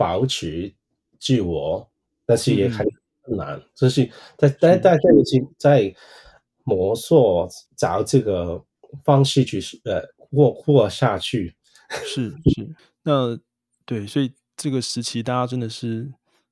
保持自我，但是也很難，嗯、就是在，在在在在已在摸索，找這個方式去，呃活活下去。是是，那對，所以這個時期大家真的是。